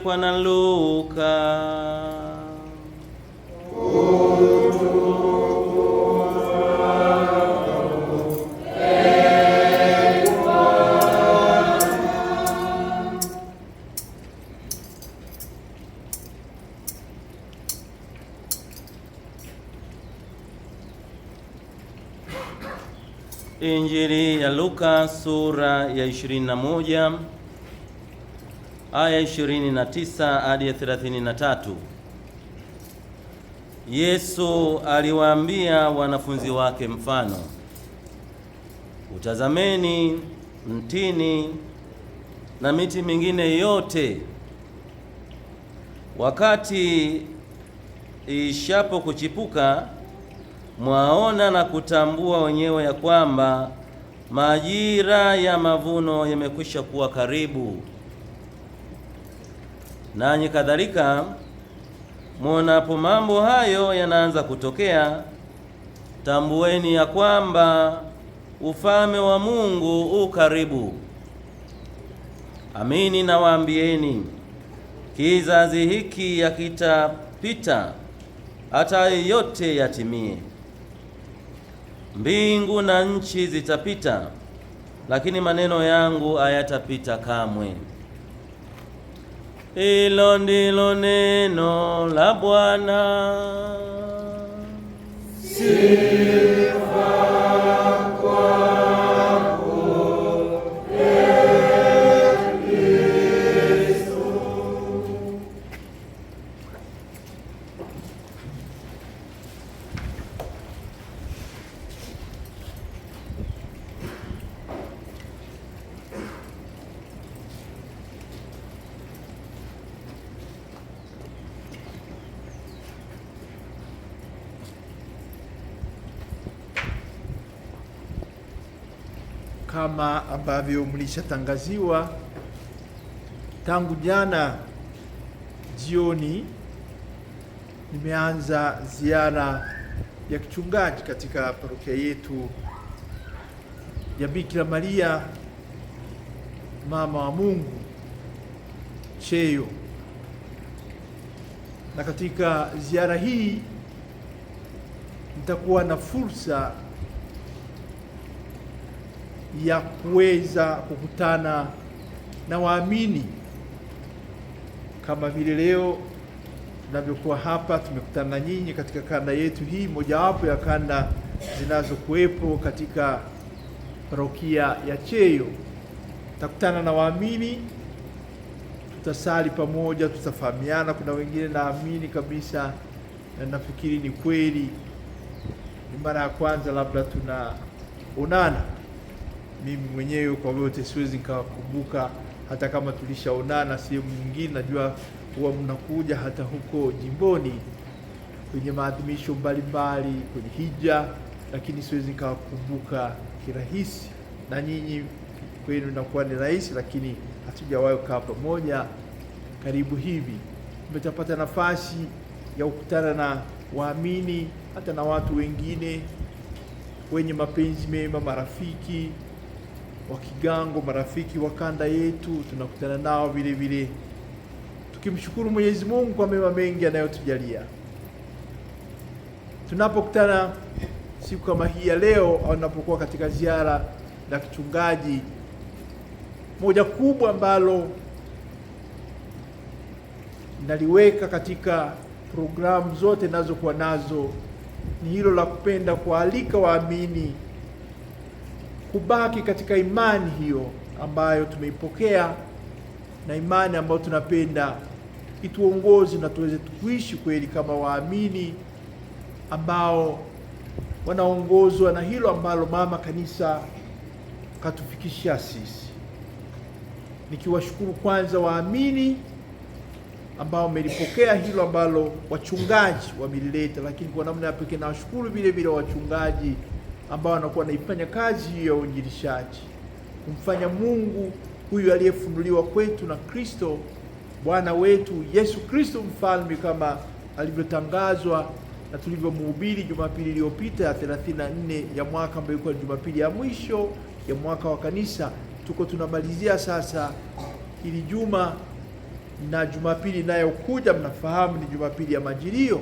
yaliyoandikwa na Luka. Injili ya Luka sura ya 21 aya 29 hadi 33. Yesu aliwaambia wanafunzi wake mfano, utazameni mtini na miti mingine yote, wakati ishapo kuchipuka, mwaona na kutambua wenyewe ya kwamba majira ya mavuno yamekwisha kuwa karibu nanyi kadhalika. Mwonapo mambo hayo yanaanza kutokea, tambueni ya kwamba ufalme wa Mungu u karibu. Amini nawaambieni, kizazi hiki yakitapita hata yote yatimie. Mbingu na nchi zitapita, lakini maneno yangu hayatapita kamwe. Hilo ndilo neno la Bwana. Sifa kama ambavyo mlishatangaziwa tangu jana jioni, nimeanza ziara ya kichungaji katika parokia yetu ya Bikira Maria mama wa Mungu Cheyo, na katika ziara hii nitakuwa na fursa ya kuweza kukutana na waamini kama vile leo tunavyokuwa hapa tumekutana na nyinyi katika kanda yetu hii, mojawapo ya kanda zinazokuwepo katika parokia ya Cheyo. Tutakutana na waamini, tutasali pamoja, tutafahamiana. Kuna wengine naamini kabisa na nafikiri ni kweli, ni mara ya kwanza labda tunaonana mimi mwenyewe kwa yote siwezi nikakumbuka, hata kama tulishaonana sehemu nyingine, najua huwa mnakuja hata huko jimboni kwenye maadhimisho mbalimbali, kwenye hija, lakini siwezi nikawakumbuka kirahisi, na nyinyi kwenu inakuwa ni rahisi, lakini hatujawahi kukaa pamoja karibu hivi. Mmetapata nafasi ya kukutana na waamini, hata na watu wengine wenye mapenzi mema, marafiki wa Kigango, marafiki wa kanda yetu tunakutana nao vile vile, tukimshukuru Mwenyezi Mungu kwa mema mengi anayotujalia. Tunapokutana siku kama hii ya leo au tunapokuwa katika ziara na kichungaji, moja kubwa ambalo naliweka katika programu zote nazokuwa nazo ni hilo la kupenda kualika waamini kubaki katika imani hiyo ambayo tumeipokea na imani ambayo tunapenda ituongozi na tuweze kuishi kweli kama waamini ambao wanaongozwa na hilo ambalo mama kanisa katufikishia sisi, nikiwashukuru kwanza waamini ambao wamelipokea hilo ambalo wachungaji wamelileta, lakini kwa namna ya pekee nawashukuru vile vile wachungaji ambao anakuwa anaifanya kazi hiyo ya uinjilishaji, kumfanya Mungu huyu aliyefunuliwa kwetu na Kristo Bwana wetu Yesu Kristo mfalme kama alivyotangazwa na tulivyomhubiri Jumapili iliyopita ya 34 ya mwaka ambayo ilikuwa ni Jumapili ya mwisho ya mwaka wa kanisa. Tuko tunamalizia sasa ili juma na Jumapili inayokuja mnafahamu ni Jumapili ya Majilio,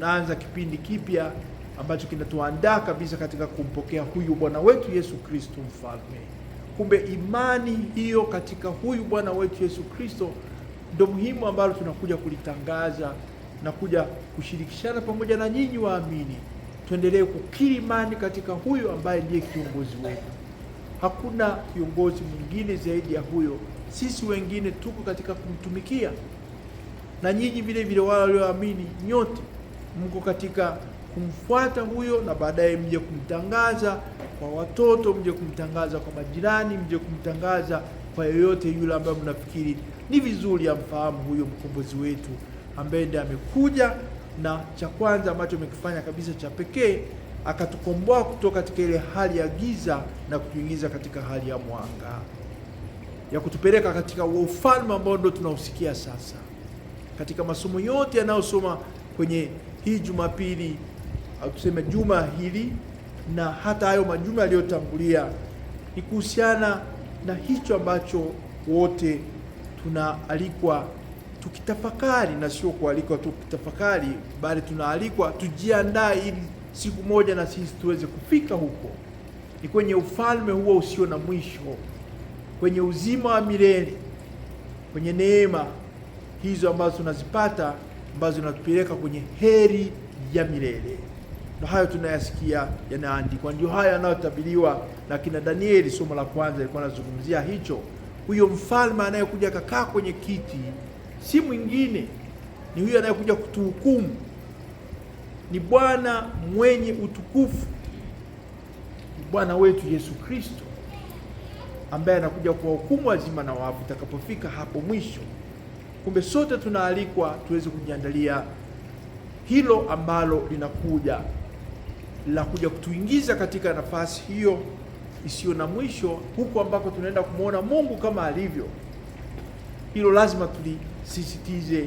naanza kipindi kipya ambacho kinatuandaa kabisa katika kumpokea huyu Bwana wetu Yesu Kristo mfalme. Kumbe imani hiyo katika huyu Bwana wetu Yesu Kristo ndio muhimu ambalo tunakuja kulitangaza na kuja kushirikishana pamoja na nyinyi waamini. Tuendelee kukiri imani katika huyo ambaye ndiye kiongozi wetu. Hakuna kiongozi mwingine zaidi ya huyo. Sisi wengine tuko katika kumtumikia, na nyinyi vile vile wale walioamini, nyote mko katika kumfuata huyo, na baadaye mje kumtangaza kwa watoto, mje kumtangaza kwa majirani, mje kumtangaza kwa yoyote yule ambaye mnafikiri ni vizuri amfahamu huyo mkombozi wetu ambaye ndiye amekuja, na cha kwanza ambacho amekifanya kabisa cha pekee, akatukomboa kutoka katika ile hali ya giza na kutuingiza katika hali ya mwanga ya kutupeleka katika ufalme ambao ndio tunausikia sasa. Katika masomo yote yanayosoma kwenye hii Jumapili au tuseme juma hili na hata hayo majuma yaliyotangulia, ni kuhusiana na hicho ambacho wote tunaalikwa tukitafakari, na sio kualikwa tu kutafakari, bali tunaalikwa tujiandae, ili siku moja na sisi tuweze kufika huko. Ni kwenye ufalme huo usio na mwisho, kwenye uzima wa milele, kwenye neema hizo ambazo tunazipata ambazo zinatupeleka kwenye heri ya milele na hayo tunayasikia yanaandikwa, ndio hayo yanayotabiriwa na kina Danieli. Somo la kwanza ilikuwa anazungumzia hicho, huyo mfalme anayekuja akakaa kwenye kiti si mwingine, ni huyo anayekuja kutuhukumu, ni Bwana mwenye utukufu, ni Bwana wetu Yesu Kristo ambaye anakuja kuwahukumu wazima na wafu itakapofika hapo mwisho. Kumbe sote tunaalikwa tuweze kujiandalia hilo ambalo linakuja la kuja kutuingiza katika nafasi hiyo isiyo na mwisho, huku ambako tunaenda kumwona Mungu kama alivyo. Hilo lazima tulisisitize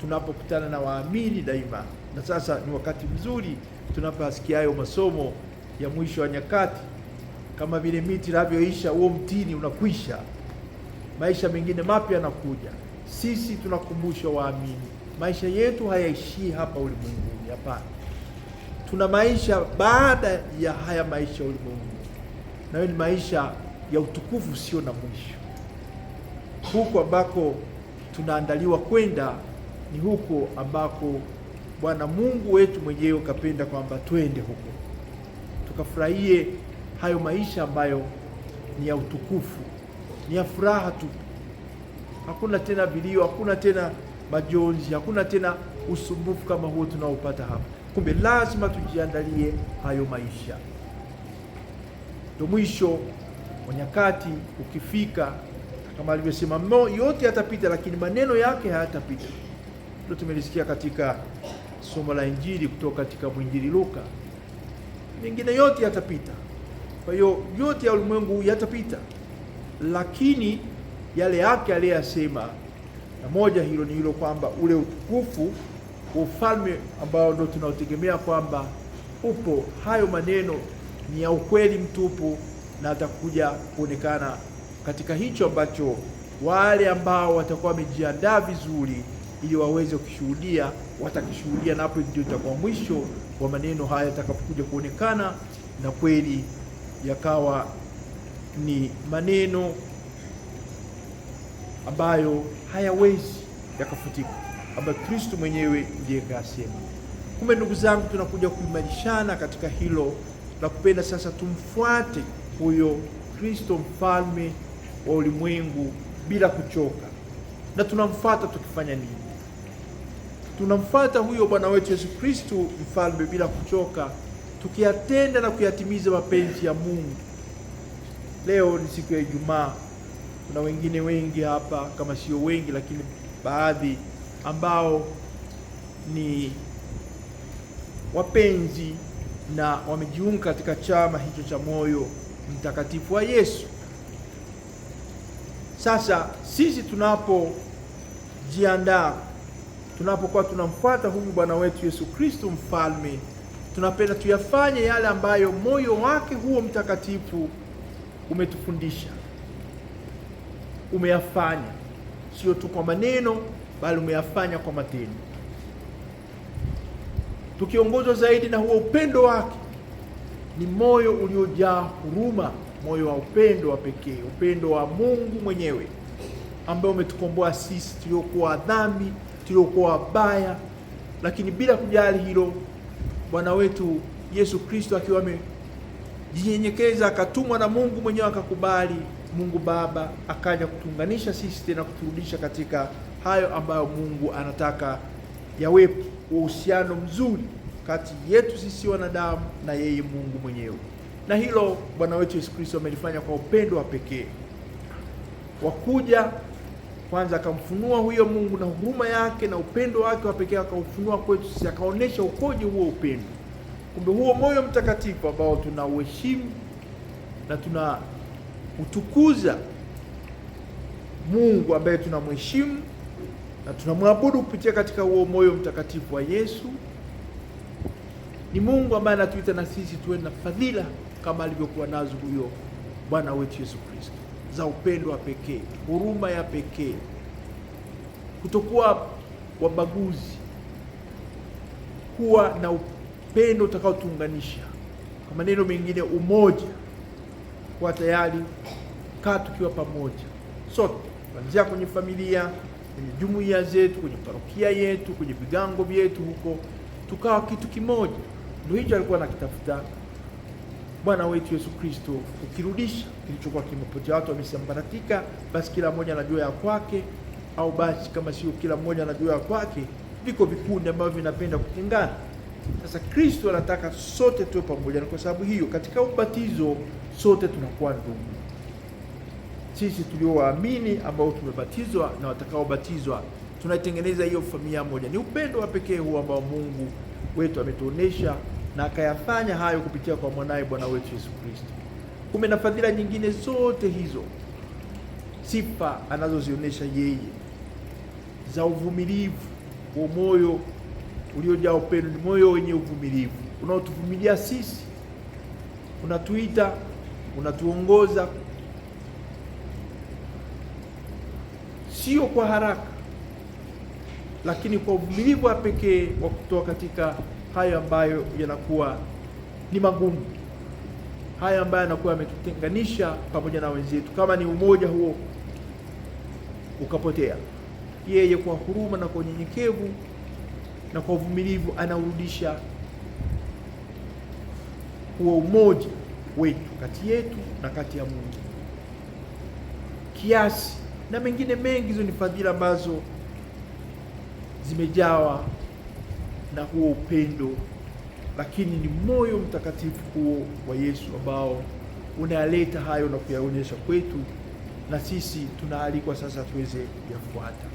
tunapokutana na waamini daima, na sasa ni wakati mzuri tunaposikia hayo masomo ya mwisho wa nyakati, kama vile miti inavyoisha, huo mtini unakwisha, maisha mengine mapya yanakuja. Sisi tunakumbusha waamini, maisha yetu hayaishii hapa ulimwenguni, hapana tuna maisha baada ya haya maisha ulimwengu, nayo ni maisha ya utukufu usio na mwisho. Huko ambako tunaandaliwa kwenda ni huko ambako Bwana Mungu wetu mwenyewe kapenda kwamba twende huko tukafurahie hayo maisha ambayo ni ya utukufu, ni ya furaha tu. Hakuna tena vilio, hakuna tena majonzi, hakuna tena usumbufu kama huo tunaopata hapa. Kumbe lazima tujiandalie hayo maisha. Ndo mwisho wa nyakati ukifika, kama alivyosema, yote yatapita, lakini maneno yake hayatapita. Ndo tumelisikia katika somo la Injili kutoka katika mwinjili Luka, mengine yote yatapita. Kwa hiyo yote ya ulimwengu yatapita, lakini yale yake aliyeyasema, na moja hilo ni hilo kwamba ule utukufu ufalme ambao ndo tunaotegemea kwamba upo. Hayo maneno ni ya ukweli mtupu, na atakuja kuonekana katika hicho ambacho wale ambao watakuwa wamejiandaa vizuri ili waweze kushuhudia watakishuhudia, na hapo ndio itakuwa mwisho wa maneno haya yatakapokuja kuonekana na kweli yakawa ni maneno ambayo hayawezi yakafutika ambayo Kristo mwenyewe ndiye kasema. Kumbe ndugu zangu, tunakuja kuimarishana katika hilo la kupenda sasa tumfuate huyo Kristo mfalme wa ulimwengu bila kuchoka. Na tunamfuata tukifanya nini? Tunamfuata huyo Bwana wetu Yesu Kristo mfalme bila kuchoka, tukiyatenda na kuyatimiza mapenzi ya Mungu. Leo ni siku ya Ijumaa. Kuna wengine wengi hapa, kama sio wengi, lakini baadhi ambao ni wapenzi na wamejiunga katika chama hicho cha moyo mtakatifu wa Yesu. Sasa sisi tunapojiandaa, tunapokuwa tunamfuata huyu Bwana wetu Yesu Kristo mfalme, tunapenda tuyafanye yale ambayo moyo wake huo mtakatifu umetufundisha, umeyafanya, sio tu kwa maneno bali umeyafanya kwa matendo. Tukiongozwa zaidi na huo upendo wake, ni moyo uliojaa huruma, moyo wa upendo wa pekee, upendo wa Mungu mwenyewe ambaye umetukomboa sisi tuliokuwa dhambi tuliokuwa wabaya, lakini bila kujali hilo Bwana wetu Yesu Kristo akiwa jinyenyekeza, akatumwa na Mungu mwenyewe akakubali. Mungu Baba akaja kutuunganisha sisi tena kuturudisha katika hayo ambayo Mungu anataka yawepo, uhusiano mzuri kati yetu sisi wanadamu na yeye Mungu mwenyewe. Na hilo Bwana wetu Yesu Kristo amelifanya kwa upendo wa pekee wakuja kwanza akamfunua huyo Mungu na huruma yake na upendo wake wa pekee akaufunua kwetu sisi, akaonyesha ukoje huo upendo. Kumbe huo moyo mtakatifu ambao tunauheshimu na tunautukuza Mungu ambaye tunamheshimu na tunamwabudu kupitia katika huo moyo mtakatifu wa Yesu, ni Mungu ambaye anatuita na sisi tuwe na fadhila kama alivyokuwa nazo huyo Bwana wetu Yesu Kristo, za upendo wa pekee, huruma ya pekee, kutokuwa wabaguzi, kuwa na upendo upendo utakaotuunganisha, kwa maneno mengine umoja, kwa tayari kaa tukiwa pamoja sote, kuanzia kwenye familia, kwenye jumuiya zetu, kwenye parokia yetu, kwenye vigango vyetu huko, tukawa kitu kimoja. Ndio hicho alikuwa anakitafuta Bwana wetu Yesu Kristo, ukirudisha kilichokuwa kimepotea. Watu wamesambaratika, basi kila mmoja anajua ya kwake, au basi kama sio kila mmoja anajua ya kwake, viko vikundi ambavyo vinapenda kutengana. Sasa Kristo anataka sote tuwe pamoja, na kwa sababu hiyo katika ubatizo sote tunakuwa ndugu, sisi tuliowaamini ambao tumebatizwa na watakaobatizwa tunaitengeneza hiyo familia moja. Ni upendo wa pekee huo ambao Mungu wetu ametuonesha na akayafanya hayo kupitia kwa mwanaye Bwana wetu Yesu Kristo. Kumbe na fadhila nyingine zote hizo, sifa anazozionyesha yeye za uvumilivu wa moyo uliojaa upendo, ni moyo wenye uvumilivu unaotuvumilia sisi, unatuita, unatuongoza, sio kwa haraka, lakini kwa uvumilivu wa pekee wa kutoa katika hayo ambayo yanakuwa ni magumu, haya ambayo yanakuwa yametutenganisha pamoja na wenzetu, kama ni umoja huo ukapotea, yeye kwa huruma na kwa unyenyekevu na kwa uvumilivu anaurudisha huo umoja wetu kati yetu na kati ya Mungu. Kiasi na mengine mengi, hizo ni fadhila ambazo zimejawa na huo upendo, lakini ni moyo mtakatifu huo wa Yesu ambao unayaleta hayo na kuyaonyesha kwetu, na sisi tunaalikwa sasa tuweze kuyafuata.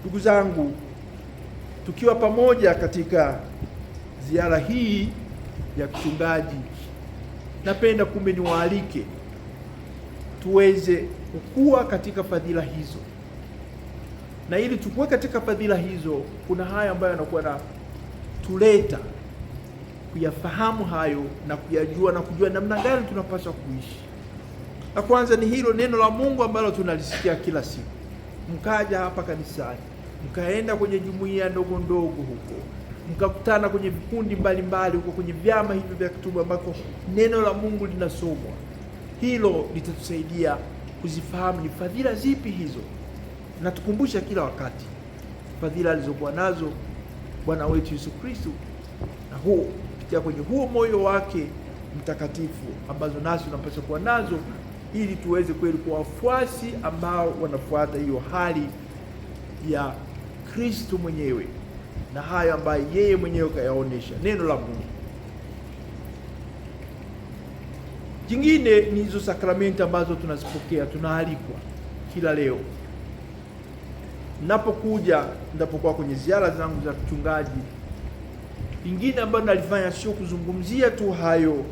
Ndugu zangu tukiwa pamoja katika ziara hii ya kichungaji, napenda kumbe niwaalike tuweze kukua katika fadhila hizo, na ili tukue katika fadhila hizo, kuna haya ambayo yanakuwa na tuleta kuyafahamu hayo na kuyajua na kujua namna gani tunapaswa kuishi. La kwanza ni hilo neno la Mungu ambalo tunalisikia kila siku, mkaja hapa kanisani mkaenda kwenye jumuiya ndogo ndogo huko, mkakutana kwenye vikundi mbalimbali huko, kwenye vyama hivyo vya kitubu ambako neno la Mungu linasomwa. Hilo litatusaidia kuzifahamu ni fadhila zipi hizo. Natukumbusha kila wakati fadhila alizokuwa nazo Bwana wetu Yesu Kristo, na huo kupitia kwenye huo moyo wake mtakatifu, ambazo nasi tunapaswa kuwa nazo ili tuweze kweli kuwa wafuasi ambao wanafuata hiyo hali ya Kristo mwenyewe na hayo ambayo yeye mwenyewe kayaonyesha neno la Mungu. Jingine ni hizo sakramenti ambazo tunazipokea, tunaalikwa kila leo. Napokuja ndapokuwa kwenye ziara zangu za mchungaji, lingine ambayo nalifanya sio kuzungumzia tu hayo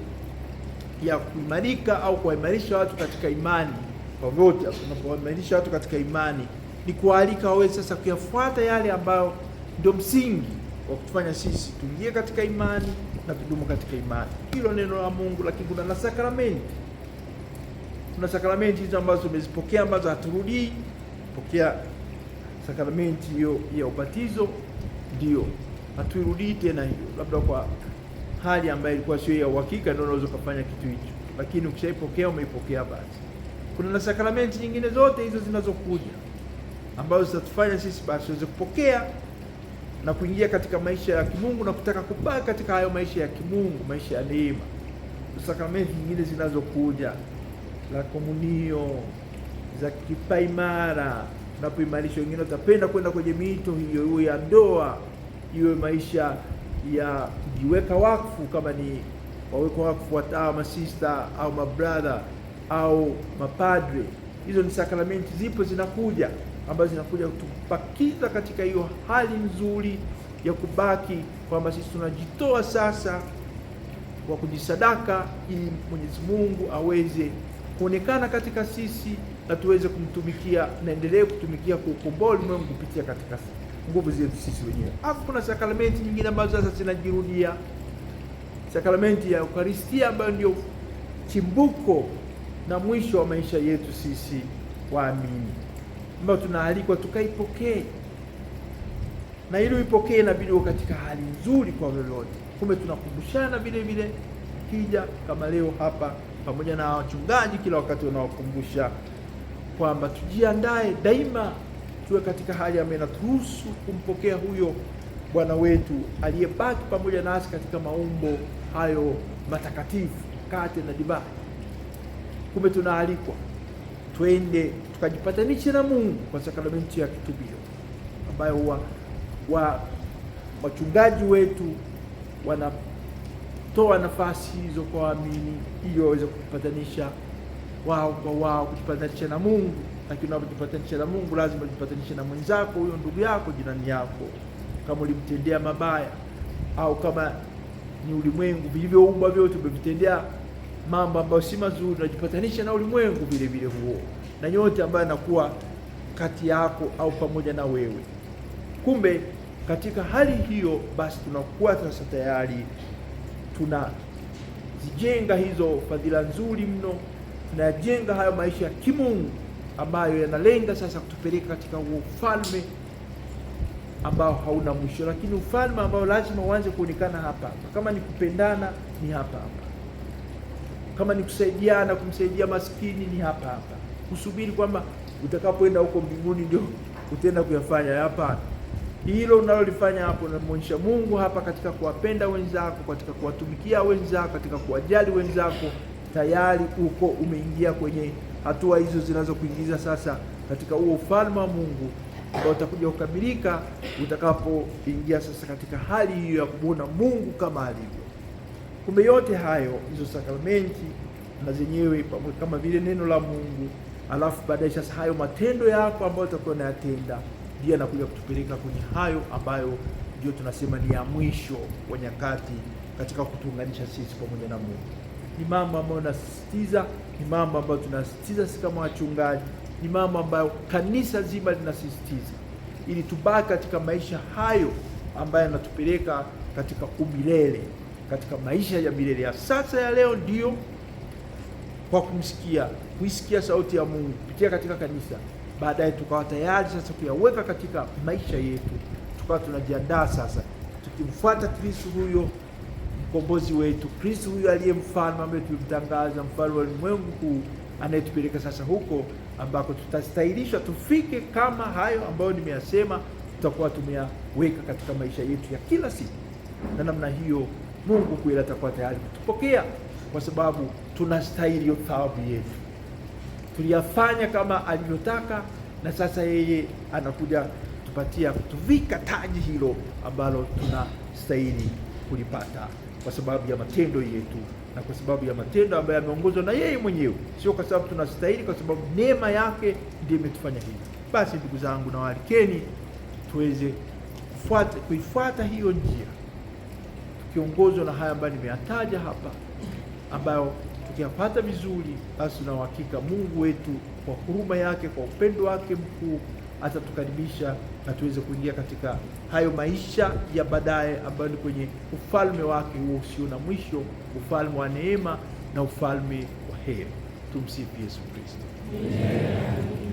ya kuimarika au kuwaimarisha watu katika imani, kwa vyote tunapowaimarisha watu katika imani ni kualika waweze sasa kuyafuata yale ambayo ndio msingi wa kutufanya sisi tuingie katika imani na tudumu katika imani. Hilo neno la Mungu, lakini kuna na sakramenti. Kuna sakramenti hizo ambazo tumezipokea ambazo haturudii. Pokea sakramenti hiyo ya ubatizo, ndio hatuirudii tena hiyo, labda kwa hali ambayo ilikuwa sio ya uhakika, ndio unaweza kufanya kitu hicho, lakini ukishaipokea umeipokea basi. Kuna na sakramenti nyingine zote hizo zinazokuja ambazo zitatufanya sisi basi tuweze kupokea na kuingia katika maisha ya kimungu na kutaka kubaki katika hayo maisha ya kimungu, maisha ya neema. Sakramenti nyingine zinazokuja la komunio za kipaimara, napoimarisha wengine watapenda kwenda kwenye mito hiyo, iwe ya ndoa, iwe maisha ya kujiweka wakfu, kama ni waweka wakfu watawa masista au mabradha au mapadre. Hizo ni sakramenti, zipo zinakuja ambazo zinakuja kutupakiza katika hiyo hali nzuri ya kubaki kwamba sisi tunajitoa sasa kwa kujisadaka, ili Mwenyezi Mungu aweze kuonekana katika sisi na tuweze kumtumikia, naendelee kutumikia kuukomboa ulimwengu kupitia katika nguvu zetu sisi wenyewe. Hapo kuna sakramenti nyingine ambazo sasa zinajirudia, sakramenti ya Eukaristia ambayo ndio chimbuko na mwisho wa maisha yetu sisi waamini ambayo tunaalikwa tukaipokee, na ili uipokee inabidi uwe katika hali nzuri kwa lolote. Kumbe tunakumbushana vile vile kija kama leo hapa, pamoja na wachungaji kila wakati wanawakumbusha kwamba tujiandae daima, tuwe katika hali ambayo inaturuhusu kumpokea huyo Bwana wetu aliyebaki pamoja nasi katika maumbo hayo matakatifu, mkate na divai. Kumbe tunaalikwa twende tukajipatanishe na Mungu kwa sakramenti ya kitubio ambayo wa, wa wachungaji wetu wanatoa nafasi hizo kwa waamini ili waweze kujipatanisha wao kwa wao, kujipatanisha na Mungu. Lakini unapojipatanisha na Mungu lazima ujipatanishe na mwenzako, huyo ndugu yako, jirani yako, kama ulimtendea mabaya au kama ni ulimwengu vilivyoumbwa vyote umevitendea mambo ambayo si mazuri, unajipatanisha na ulimwengu vile vile huo na yote ambayo yanakuwa kati yako au pamoja na wewe. Kumbe katika hali hiyo basi, tunakuwa sasa tayari tunazijenga hizo fadhila nzuri mno, tunajenga hayo maisha ya kimungu ambayo yanalenga sasa kutupeleka katika huo ufalme ambao hauna mwisho, lakini ufalme ambao lazima uanze kuonekana hapa. Kama ni kupendana, ni hapa hapa kama ni kusaidiana, kumsaidia maskini, ni hapa hapa. kusubiri kwamba utakapoenda huko mbinguni ndio utaenda kuyafanya? Hapana. Hilo unalolifanya hapo unamwonyesha Mungu hapa, katika kuwapenda wenzako, katika kuwatumikia wenzako, katika kuwajali wenzako, tayari uko umeingia kwenye hatua hizo zinazokuingiza sasa katika huo ufalme wa Mungu ambao utakuja kukamilika utakapoingia sasa katika hali hiyo ya kumwona Mungu kama alivyo. Kumbe yote hayo hizo sakramenti na zenyewe kama vile neno la Mungu, alafu baadaye sasa hayo matendo yako ambayo utakuwa unayatenda ndiyo anakuja kutupeleka kwenye hayo ambayo ndio tunasema ni ya mwisho wa nyakati katika kutuunganisha sisi pamoja na Mungu. Ni mambo ambayo nasisitiza, ni mambo ambayo tunasisitiza sisi kama wachungaji, ni mambo ambayo kanisa zima linasisitiza ili tubaki katika maisha hayo ambayo yanatupeleka katika umilele katika maisha ya milele ya sasa ya leo, ndiyo kwa kumsikia kuisikia sauti ya Mungu kupitia katika kanisa, baadaye tukawa tayari sasa kuyaweka katika maisha yetu, tukawa tunajiandaa sasa tukimfuata Kristo huyo mkombozi wetu, Kristo huyo aliye mfalme ambaye tulimtangaza, mfalme wa ulimwengu huu, anayetupeleka sasa huko ambako tutastahilishwa tufike, kama hayo ambayo nimeyasema tutakuwa tumeyaweka katika maisha yetu ya kila siku, na namna hiyo Mungu kweli atakuwa tayari kutupokea kwa sababu tunastahili hiyo thawabu yetu. Tuliyafanya kama alivyotaka, na sasa yeye anakuja kutupatia kutuvika taji hilo ambalo tunastahili kulipata kwa sababu ya matendo yetu na kwa sababu ya matendo ambayo yameongozwa na yeye mwenyewe, sio kwa sababu tunastahili, kwa sababu neema yake ndiyo imetufanya hivi. Basi ndugu zangu, na walikeni tuweze kuifuata hiyo njia kiongozwa na haya ambayo nimeyataja hapa, ambayo tukiyapata vizuri, basi na uhakika Mungu wetu kwa huruma yake, kwa upendo wake mkuu atatukaribisha na tuweze kuingia katika hayo maisha ya baadaye ambayo ni kwenye ufalme wake huo usio na mwisho, ufalme wa neema na ufalme wa heri. Tumsifu Yesu Kristo. Yeah.